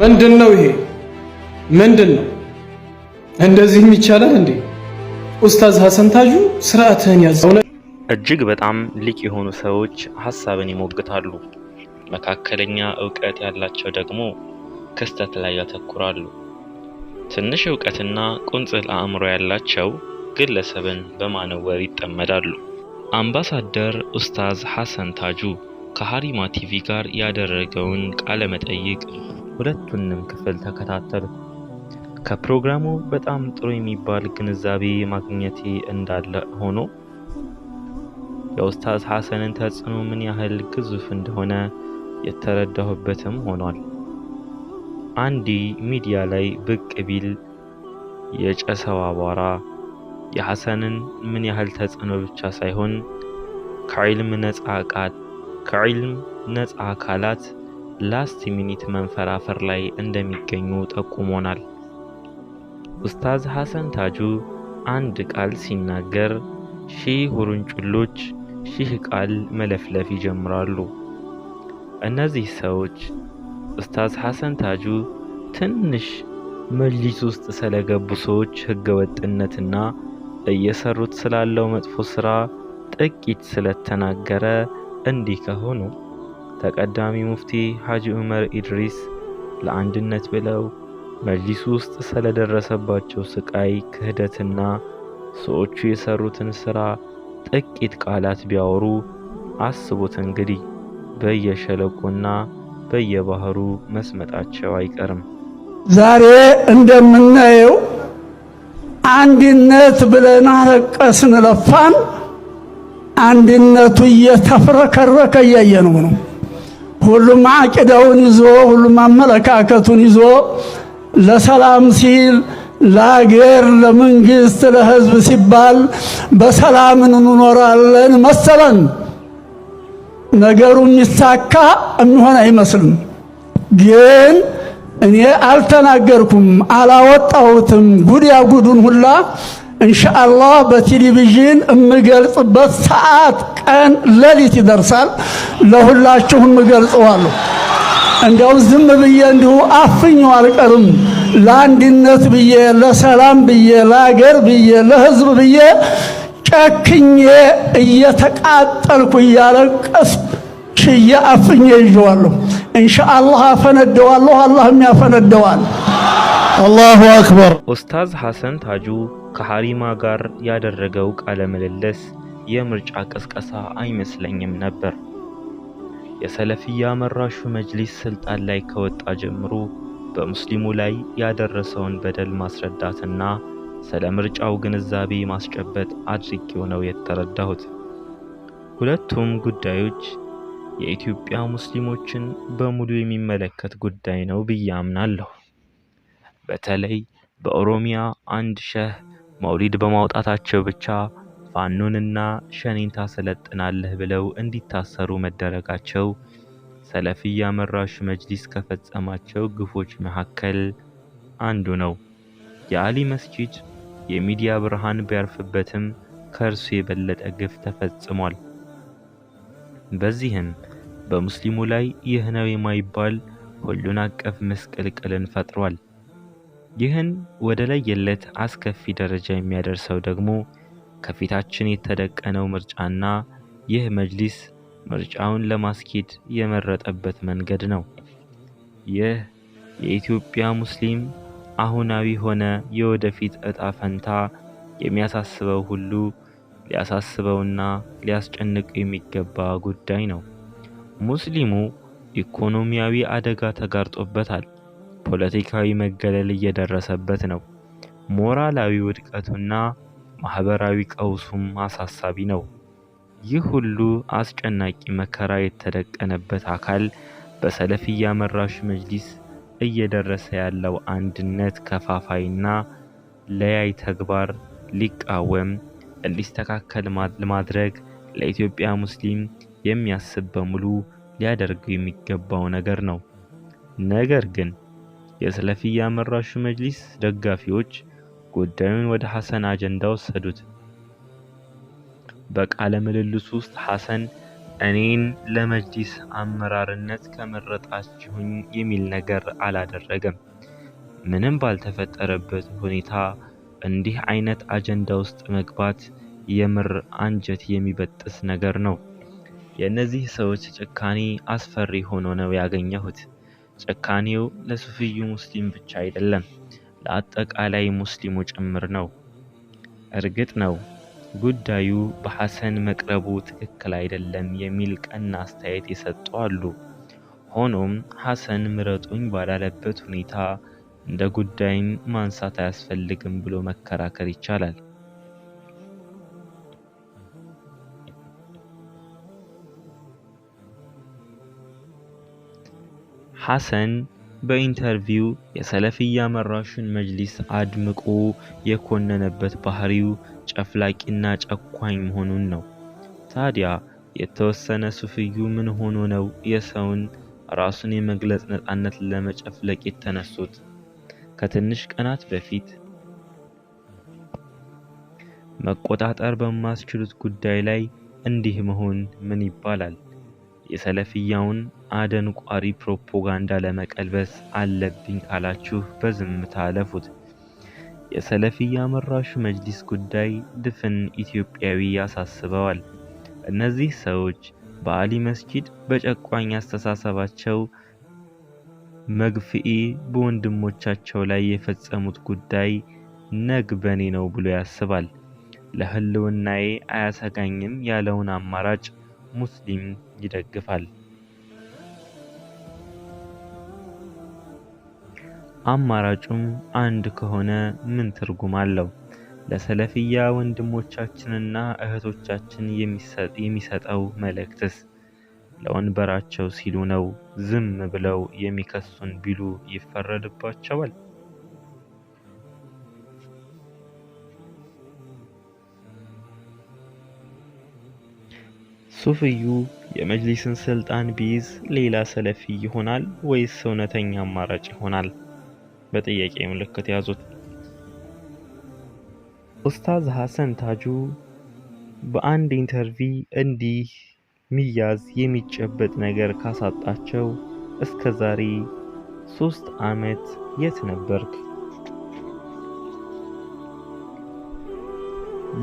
ምንድን ነው ይሄ? ምንድን ነው እንደዚህም ይቻላል እንዴ? ኡስታዝ ሐሰን ታጁ ስርዓትህን እጅግ በጣም ሊቅ የሆኑ ሰዎች ሀሳብን ይሞግታሉ። መካከለኛ እውቀት ያላቸው ደግሞ ክስተት ላይ ያተኩራሉ። ትንሽ እውቀትና ቁንጽል አእምሮ ያላቸው ግለሰብን በማነወር ይጠመዳሉ። አምባሳደር ኡስታዝ ሀሰን ታጁ ከሀሪማ ቲቪ ጋር ያደረገውን ቃለ መጠይቅ ሁለቱንም ክፍል ተከታተሉ። ከፕሮግራሙ በጣም ጥሩ የሚባል ግንዛቤ ማግኘቴ እንዳለ ሆኖ የኡስታዝ ሐሰንን ተጽዕኖ ምን ያህል ግዙፍ እንደሆነ የተረዳሁበትም ሆኗል። አንድ ሚዲያ ላይ ብቅ ቢል የጨሰው አቧራ የሐሰንን ምን ያህል ተጽዕኖ ብቻ ሳይሆን ከዒልም ነጻ ቃት ከዕልም ነፃ አካላት ላስት ሚኒት መንፈራፈር ላይ እንደሚገኙ ጠቁሞናል። ኡስታዝ ሐሰን ታጁ አንድ ቃል ሲናገር ሺህ ውርንጩሎች ሺህ ቃል መለፍለፍ ይጀምራሉ። እነዚህ ሰዎች ኡስታዝ ሐሰን ታጁ ትንሽ መጅሊስ ውስጥ ስለገቡ ሰዎች ህገወጥነትና እየሰሩት ስላለው መጥፎ ስራ ጥቂት ስለተናገረ እንዲህ ከሆኑ ተቀዳሚ ሙፍቲ ሐጂ ዑመር ኢድሪስ ለአንድነት ብለው መጅሊሱ ውስጥ ስለደረሰባቸው ስቃይ፣ ክህደትና ሰዎቹ የሰሩትን ሥራ ጥቂት ቃላት ቢያወሩ አስቡት እንግዲህ በየሸለቆና በየባህሩ መስመጣቸው አይቀርም። ዛሬ እንደምናየው አንድነት ብለን አለቀስን፣ ለፋን አንድነቱ እየተፍረከረከ እያየነው ነው። ሁሉም አቂዳውን ይዞ ሁሉም አመለካከቱን ይዞ ለሰላም ሲል ለአገር፣ ለመንግስት፣ ለህዝብ ሲባል በሰላም እንኖራለን መሰለን። ነገሩ የሚሳካ የሚሆን አይመስልም። ግን እኔ አልተናገርኩም፣ አላወጣሁትም ጉድ ያጉዱን ሁላ እንሻአላህ በቴሌቪዥን የምገልጽበት ሰዓት፣ ቀን፣ ሌሊት ይደርሳል። ለሁላችሁም እገልጸዋለሁ። እንዲያውም ዝም ብዬ እንዲሁ አፍኜው አልቀርም። ለአንድነት ብዬ፣ ለሰላም ብዬ፣ ለአገር ብዬ፣ ለህዝብ ብዬ ጨክኜ እየተቃጠልኩ እያለቀስኩ ሽዬ አፍኜ ይዤዋለሁ። እንሻአላህ አፈነደዋለሁ፣ አላህም ያፈነደዋል። አላሁ አክበር። ኡስታዝ ሐሰን ታጁ ከሐሪማ ጋር ያደረገው ቃለ ምልልስ የምርጫ ቅስቀሳ አይመስለኝም ነበር። የሰለፊያ መራሹ መጅሊስ ስልጣን ላይ ከወጣ ጀምሮ በሙስሊሙ ላይ ያደረሰውን በደል ማስረዳትና ስለ ምርጫው ግንዛቤ ማስጨበጥ አድርጌው ነው የተረዳሁት። ሁለቱም ጉዳዮች የኢትዮጵያ ሙስሊሞችን በሙሉ የሚመለከት ጉዳይ ነው ብዬ አምናለሁ። በተለይ በኦሮሚያ አንድ ሸህ መውሊድ በማውጣታቸው ብቻ ፋኖንና ሸኔን ታሰለጥናለህ ብለው እንዲታሰሩ መደረጋቸው ሰለፊያ መራሹ መጅሊስ ከፈጸማቸው ግፎች መካከል አንዱ ነው። የአሊ መስጂድ የሚዲያ ብርሃን ቢያርፍበትም ከእርሱ የበለጠ ግፍ ተፈጽሟል። በዚህም በሙስሊሙ ላይ ይህ ነው የማይባል ሁሉን አቀፍ ምስቅልቅልን ፈጥሯል። ይህን ወደ ለየለት አስከፊ ደረጃ የሚያደርሰው ደግሞ ከፊታችን የተደቀነው ምርጫና ይህ መጅሊስ ምርጫውን ለማስኬድ የመረጠበት መንገድ ነው። ይህ የኢትዮጵያ ሙስሊም አሁናዊ ሆነ የወደፊት እጣ ፈንታ የሚያሳስበው ሁሉ ሊያሳስበውና ሊያስጨንቅ የሚገባ ጉዳይ ነው። ሙስሊሙ ኢኮኖሚያዊ አደጋ ተጋርጦበታል። ፖለቲካዊ መገለል እየደረሰበት ነው። ሞራላዊ ውድቀቱና ማህበራዊ ቀውሱም አሳሳቢ ነው። ይህ ሁሉ አስጨናቂ መከራ የተደቀነበት አካል በሰለፍያ መራሹ መጅሊስ እየደረሰ ያለው አንድነት ከፋፋይና ለያይ ተግባር ሊቃወም እንዲስተካከል ለማድረግ ለኢትዮጵያ ሙስሊም የሚያስብ በሙሉ ሊያደርገው የሚገባው ነገር ነው። ነገር ግን የሰለፊያ መራሹ መጅሊስ ደጋፊዎች ጉዳዩን ወደ ሐሰን አጀንዳ ወሰዱት። በቃለ ምልልስ ውስጥ ሐሰን እኔን ለመጅሊስ አመራርነት ከመረጣችሁኝ የሚል ነገር አላደረገም። ምንም ባልተፈጠረበት ሁኔታ እንዲህ አይነት አጀንዳ ውስጥ መግባት የምር አንጀት የሚበጥስ ነገር ነው። የእነዚህ ሰዎች ጭካኔ አስፈሪ ሆኖ ነው ያገኘሁት። ጭካኔው ለሱፍዩ ሙስሊም ብቻ አይደለም፣ ለአጠቃላይ ሙስሊሙ ጭምር ነው። እርግጥ ነው ጉዳዩ በሐሰን መቅረቡ ትክክል አይደለም የሚል ቀና አስተያየት የሰጡ አሉ። ሆኖም ሐሰን ምረጡኝ ባላለበት ሁኔታ እንደ ጉዳይም ማንሳት አያስፈልግም ብሎ መከራከር ይቻላል። ሐሰን በኢንተርቪው የሰለፍያ መራሹን መጅሊስ አድምቆ የኮነነበት ባህሪው ጨፍላቂና ጨኳኝ መሆኑን ነው። ታዲያ የተወሰነ ሱፍዩ ምን ሆኖ ነው የሰውን ራሱን የመግለጽ ነፃነት ለመጨፍለቅ የተነሱት? ከትንሽ ቀናት በፊት መቆጣጠር በማስችሉት ጉዳይ ላይ እንዲህ መሆን ምን ይባላል? የሰለፍያውን አደንቋሪ ፕሮፓጋንዳ ለመቀልበስ አለብኝ ካላችሁ በዝምታ አለፉት። የሰለፍያ መራሹ መጅሊስ ጉዳይ ድፍን ኢትዮጵያዊ ያሳስበዋል። እነዚህ ሰዎች በአሊ መስጂድ በጨቋኝ አስተሳሰባቸው መግፍኤ በወንድሞቻቸው ላይ የፈጸሙት ጉዳይ ነግ በኔ ነው ብሎ ያስባል። ለህልውናዬ አያሰጋኝም ያለውን አማራጭ ሙስሊም ይደግፋል። አማራጩም አንድ ከሆነ ምን ትርጉም አለው? ለሰለፊያ ወንድሞቻችንና እህቶቻችን የሚሰጠው መልእክትስ ለወንበራቸው ሲሉ ነው ዝም ብለው የሚከሱን ቢሉ ይፈረድባቸዋል? ሱፍዩ የመጅሊስን ስልጣን ቢይዝ ሌላ ሰለፊ ይሆናል ወይስ እውነተኛ አማራጭ ይሆናል? በጥያቄ ምልክት ያዙት። ኡስታዝ ሐሰን ታጁ በአንድ ኢንተርቪው እንዲህ ሚያዝ የሚጨበጥ ነገር ካሳጣቸው እስከ ዛሬ ሶስት ዓመት የት ነበርክ?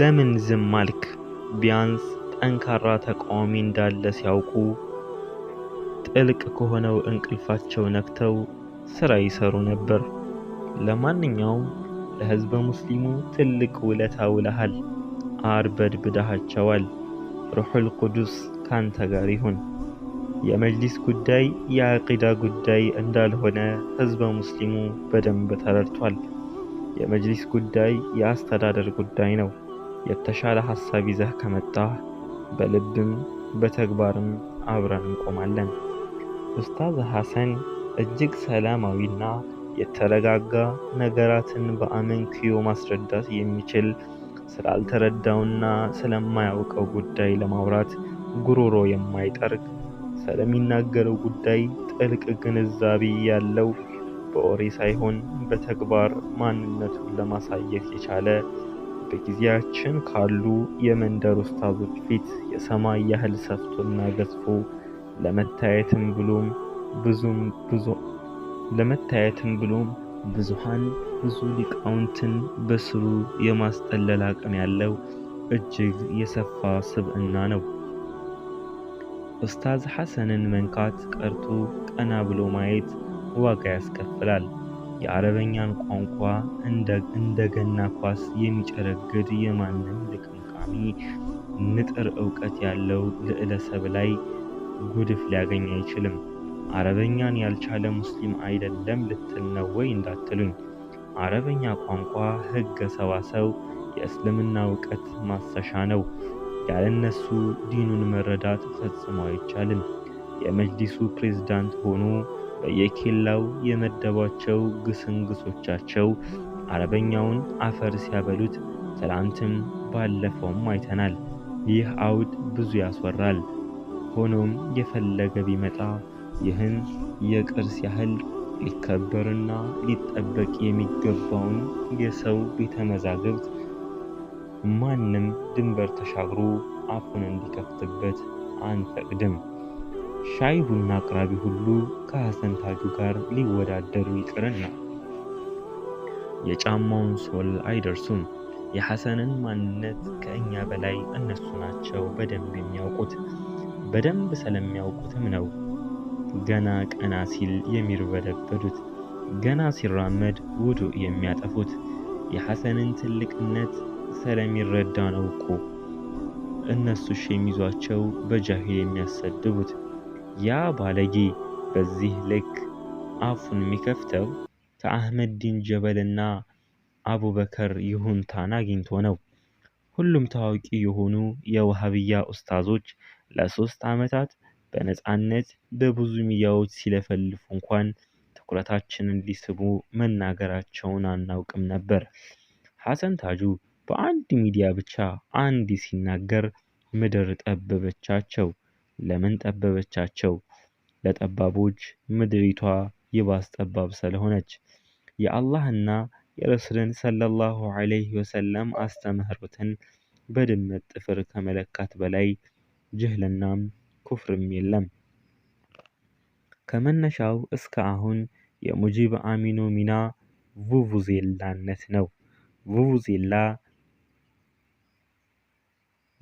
ለምን ዝም አልክ? ቢያንስ ጠንካራ ተቃዋሚ እንዳለ ሲያውቁ ጥልቅ ከሆነው እንቅልፋቸው ነክተው ስራ ይሰሩ ነበር። ለማንኛውም ለህዝበ ሙስሊሙ ትልቅ ውለታ ውለሃል፣ ብዳሃቸዋል ሩሑል ቅዱስ ካንተ ጋር ይሁን። የመጅሊስ ጉዳይ የአቂዳ ጉዳይ እንዳልሆነ ሕዝበ ሙስሊሙ በደንብ ተረድቷል። የመጅሊስ ጉዳይ የአስተዳደር ጉዳይ ነው። የተሻለ ሐሳብ ይዘህ ከመጣህ በልብም በተግባርም አብረን እንቆማለን። ኡስታዝ ሐሰን እጅግ ሰላማዊና የተረጋጋ ነገራትን በአመንኪዮ ማስረዳት የሚችል ስላልተረዳውና ስለማያውቀው ጉዳይ ለማውራት ጉሮሮ የማይጠርግ ስለሚናገረው ጉዳይ ጥልቅ ግንዛቤ ያለው በወሬ ሳይሆን በተግባር ማንነቱን ለማሳየት የቻለ በጊዜያችን ካሉ የመንደር ውስታዞች ፊት የሰማይ ያህል ሰፍቶና ገዝፎ ለመታየትም ብሎም ብዙም ብዙ ለመታየትም ብሎም ብዙሃን ብዙ ሊቃውንትን በስሩ የማስጠለል አቅም ያለው እጅግ የሰፋ ስብዕና ነው። ኡስታዝ ሐሰንን መንካት ቀርቶ ቀና ብሎ ማየት ዋጋ ያስከፍላል። የአረበኛን ቋንቋ እንደገና ኳስ የሚጨረግድ የማንም ልቅምቃሚ ንጥር እውቀት ያለው ልዕለሰብ ላይ ጉድፍ ሊያገኝ አይችልም። አረበኛን ያልቻለ ሙስሊም አይደለም ልትል ነው ወይ እንዳትሉኝ። አረበኛ ቋንቋ ህገ ሰዋሰው የእስልምና እውቀት ማሰሻ ነው። ያለነሱ ዲኑን መረዳት ፈጽሞ አይቻልም። የመጅሊሱ ፕሬዝዳንት ሆኖ በየኬላው የመደቧቸው ግስንግሶቻቸው አረበኛውን አፈር ሲያበሉት ትላንትም ባለፈውም አይተናል። ይህ አውድ ብዙ ያስወራል። ሆኖም የፈለገ ቢመጣ ይህን የቅርስ ያህል ሊከበርና ሊጠበቅ የሚገባውን የሰው ቤተ መዛግብት ማንም ድንበር ተሻግሮ አፉን እንዲከፍትበት አንፈቅድም። ሻይ ቡና አቅራቢ ሁሉ ከሐሰን ታጁ ጋር ሊወዳደሩ ይቅርና የጫማውን ሶል አይደርሱም። የሐሰንን ማንነት ከእኛ በላይ እነሱ ናቸው በደንብ የሚያውቁት። በደንብ ስለሚያውቁትም ነው ገና ቀና ሲል የሚርበደበዱት፣ ገና ሲራመድ ውዱ የሚያጠፉት። የሐሰንን ትልቅነት ስለሚረዳ ነው እኮ እነሱ ሸሚዟቸው በጃሂል የሚያሰድቡት። ያ ባለጌ በዚህ ልክ አፉን የሚከፍተው ከአህመዲን ጀበልና አቡበከር ይሁንታን አግኝቶ ነው። ሁሉም ታዋቂ የሆኑ የውሃብያ ኡስታዞች ለሶስት ዓመታት በነፃነት በብዙ ሚዲያዎች ሲለፈልፉ እንኳን ትኩረታችንን ሊስቡ መናገራቸውን አናውቅም ነበር። ሐሰን ታጁ በአንድ ሚዲያ ብቻ አንድ ሲናገር ምድር ጠበበቻቸው። ለምን ጠበበቻቸው? ለጠባቦች ምድሪቷ ይባስ ጠባብ ስለሆነች። የአላህና የረሱልን ሰለላሁ ዐለይሂ ወሰለም አስተምህሮትን በድመት ጥፍር ከመለካት በላይ ጅህልናም ኩፍርም የለም። ከመነሻው እስከ አሁን የሙጂብ አሚኑ ሚና ቡቡዜላነት ነው። ቡቡዜላ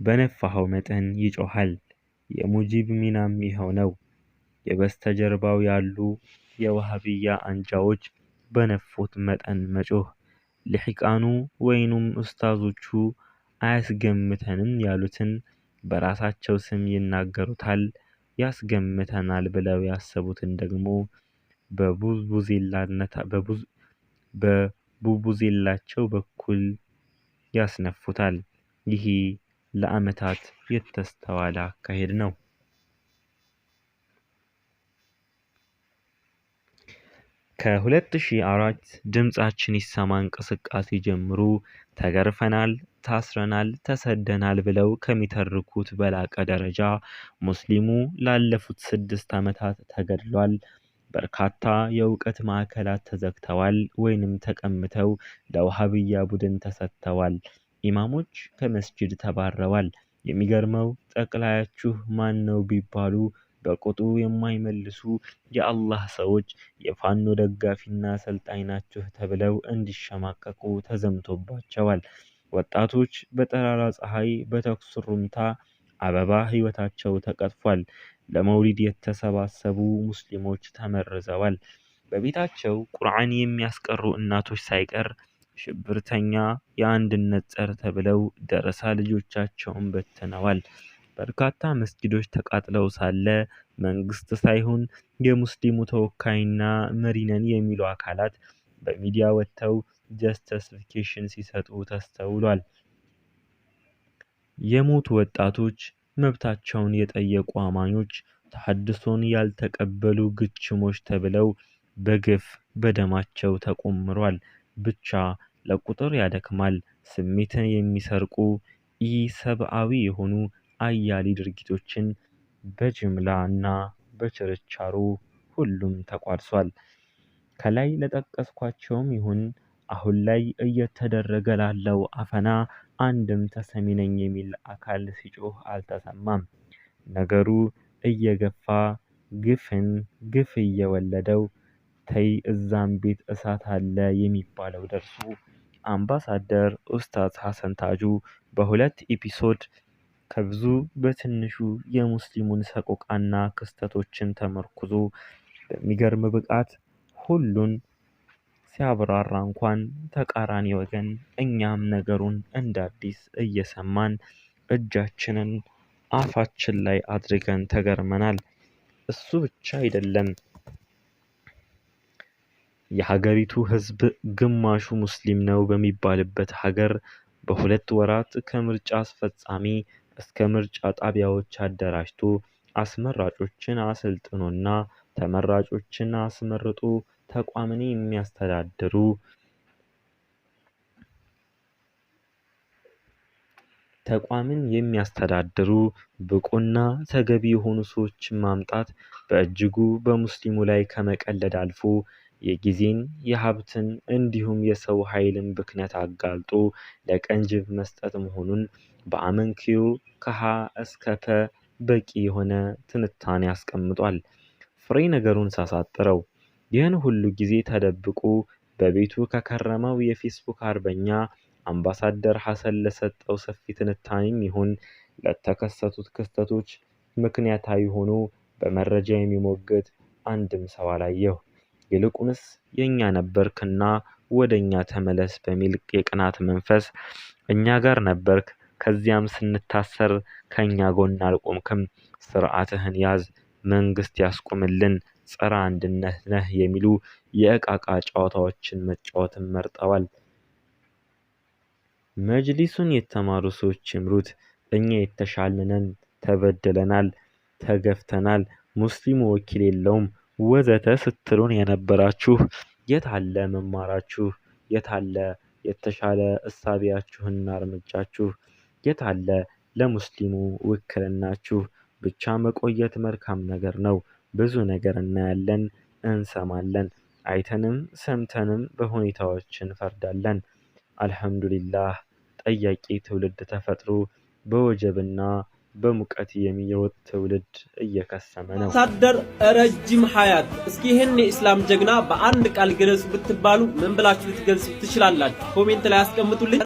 በነፋኸው መጠን ይጮሃል። የሙጂብ ሚናም ይኸው ነው። የበስተጀርባው ያሉ የዋሃብያ አንጃዎች በነፉት መጠን መጮህ፣ ልሒቃኑ ወይኑም ኡስታዞቹ አያስገምተንም ያሉትን በራሳቸው ስም ይናገሩታል። ያስገምተናል ብለው ያሰቡትን ደግሞ በቡቡዜላቸው በኩል ያስነፉታል። ይሄ ለዓመታት የተስተዋለ አካሄድ ነው። ከ2004 ድምጻችን ይሰማ እንቅስቃሴ ጀምሮ ተገርፈናል፣ ታስረናል፣ ተሰደናል ብለው ከሚተርኩት በላቀ ደረጃ ሙስሊሙ ላለፉት ስድስት ዓመታት ተገድሏል። በርካታ የእውቀት ማዕከላት ተዘግተዋል ወይንም ተቀምተው ለውሃብያ ቡድን ተሰጥተዋል። ኢማሞች ከመስጅድ ተባረዋል። የሚገርመው ጠቅላያችሁ ማን ነው ቢባሉ በቁጡ የማይመልሱ የአላህ ሰዎች የፋኖ ደጋፊና አሰልጣኝ ናችሁ ተብለው እንዲሸማቀቁ ተዘምቶባቸዋል። ወጣቶች በጠራራ ፀሐይ በተኩስ ሩምታ አበባ ሕይወታቸው ተቀጥፏል። ለመውሊድ የተሰባሰቡ ሙስሊሞች ተመርዘዋል። በቤታቸው ቁርአን የሚያስቀሩ እናቶች ሳይቀር ሽብርተኛ የአንድነት ጸር ተብለው ደረሳ ልጆቻቸውን በትነዋል። በርካታ መስጊዶች ተቃጥለው ሳለ መንግስት ሳይሆን የሙስሊሙ ተወካይና መሪ ነን የሚሉ አካላት በሚዲያ ወጥተው ጀስቲፊኬሽን ሲሰጡ ተስተውሏል። የሞቱ ወጣቶች፣ መብታቸውን የጠየቁ አማኞች፣ ተሐድሶን ያልተቀበሉ ግችሞች ተብለው በግፍ በደማቸው ተቆምሯል። ብቻ ለቁጥር ያደክማል። ስሜትን የሚሰርቁ ኢሰብአዊ የሆኑ አያሌ ድርጊቶችን በጅምላ እና በችርቻሮ ሁሉም ተቋርሷል። ከላይ ለጠቀስኳቸውም ይሁን አሁን ላይ እየተደረገ ላለው አፈና አንድም ተሰሚ ነኝ የሚል አካል ሲጮህ አልተሰማም። ነገሩ እየገፋ ግፍን ግፍ እየወለደው ተይ እዛም ቤት እሳት አለ የሚባለው ደርሱ አምባሳደር ኡስታዝ ሐሰን ታጁ በሁለት ኤፒሶድ ከብዙ በትንሹ የሙስሊሙን ሰቆቃና ክስተቶችን ተመርኩዞ በሚገርም ብቃት ሁሉን ሲያብራራ እንኳን ተቃራኒ ወገን እኛም ነገሩን እንደ አዲስ እየሰማን እጃችንን አፋችን ላይ አድርገን ተገርመናል። እሱ ብቻ አይደለም። የሀገሪቱ ህዝብ ግማሹ ሙስሊም ነው በሚባልበት ሀገር በሁለት ወራት ከምርጫ አስፈጻሚ እስከ ምርጫ ጣቢያዎች አደራጅቶ አስመራጮችን አሰልጥኖና ተመራጮችን አስመርጦ ተቋምን የሚያስተዳድሩ ተቋምን የሚያስተዳድሩ ብቁና ተገቢ የሆኑ ሰዎችን ማምጣት በእጅጉ በሙስሊሙ ላይ ከመቀለድ አልፎ የጊዜን የሀብትን እንዲሁም የሰው ኃይልን ብክነት አጋልጦ ለቀንጅብ መስጠት መሆኑን በአመንኪዮ ከሀ እስከ ፐ በቂ የሆነ ትንታኔ አስቀምጧል። ፍሬ ነገሩን ሳሳጥረው ይህን ሁሉ ጊዜ ተደብቆ በቤቱ ከከረመው የፌስቡክ አርበኛ አምባሳደር ሐሰን ለሰጠው ሰፊ ትንታኔም ይሁን ለተከሰቱት ክስተቶች ምክንያታዊ ሆኖ በመረጃ የሚሞግት አንድም ሰው አላየሁ። ይልቁንስ የእኛ ነበርክና ወደ እኛ ተመለስ በሚል የቅናት መንፈስ እኛ ጋር ነበርክ። ከዚያም ስንታሰር ከእኛ ጎን አልቆምክም። ስርዓትህን ያዝ፣ መንግስት ያስቁምልን፣ ጸረ አንድነት ነህ የሚሉ የእቃቃ ጨዋታዎችን መጫወትን መርጠዋል። መጅሊሱን የተማሩ ሰዎች ይምሩት። እኛ የተሻልነን፣ ተበድለናል፣ ተገፍተናል። ሙስሊሙ ወኪል የለውም። ወዘተ ስትሉን የነበራችሁ የት አለ መማራችሁ? የት አለ የተሻለ እሳቢያችሁና እርምጃችሁ? የት አለ ለሙስሊሙ ውክልናችሁ? ብቻ መቆየት መልካም ነገር ነው። ብዙ ነገር እናያለን፣ እንሰማለን። አይተንም ሰምተንም በሁኔታዎች እንፈርዳለን። አልሐምዱሊላህ ጠያቂ ትውልድ ተፈጥሮ በወጀብና በሙቀት የሚየወጥ ትውልድ እየከሰመ ነው። ሳደር ረጅም ሀያት እስኪ ይህን የእስላም ጀግና በአንድ ቃል ገለጹ ብትባሉ ምን ብላችሁ ልትገልጹ ትችላላችሁ? ኮሜንት ላይ አስቀምጡልኝ።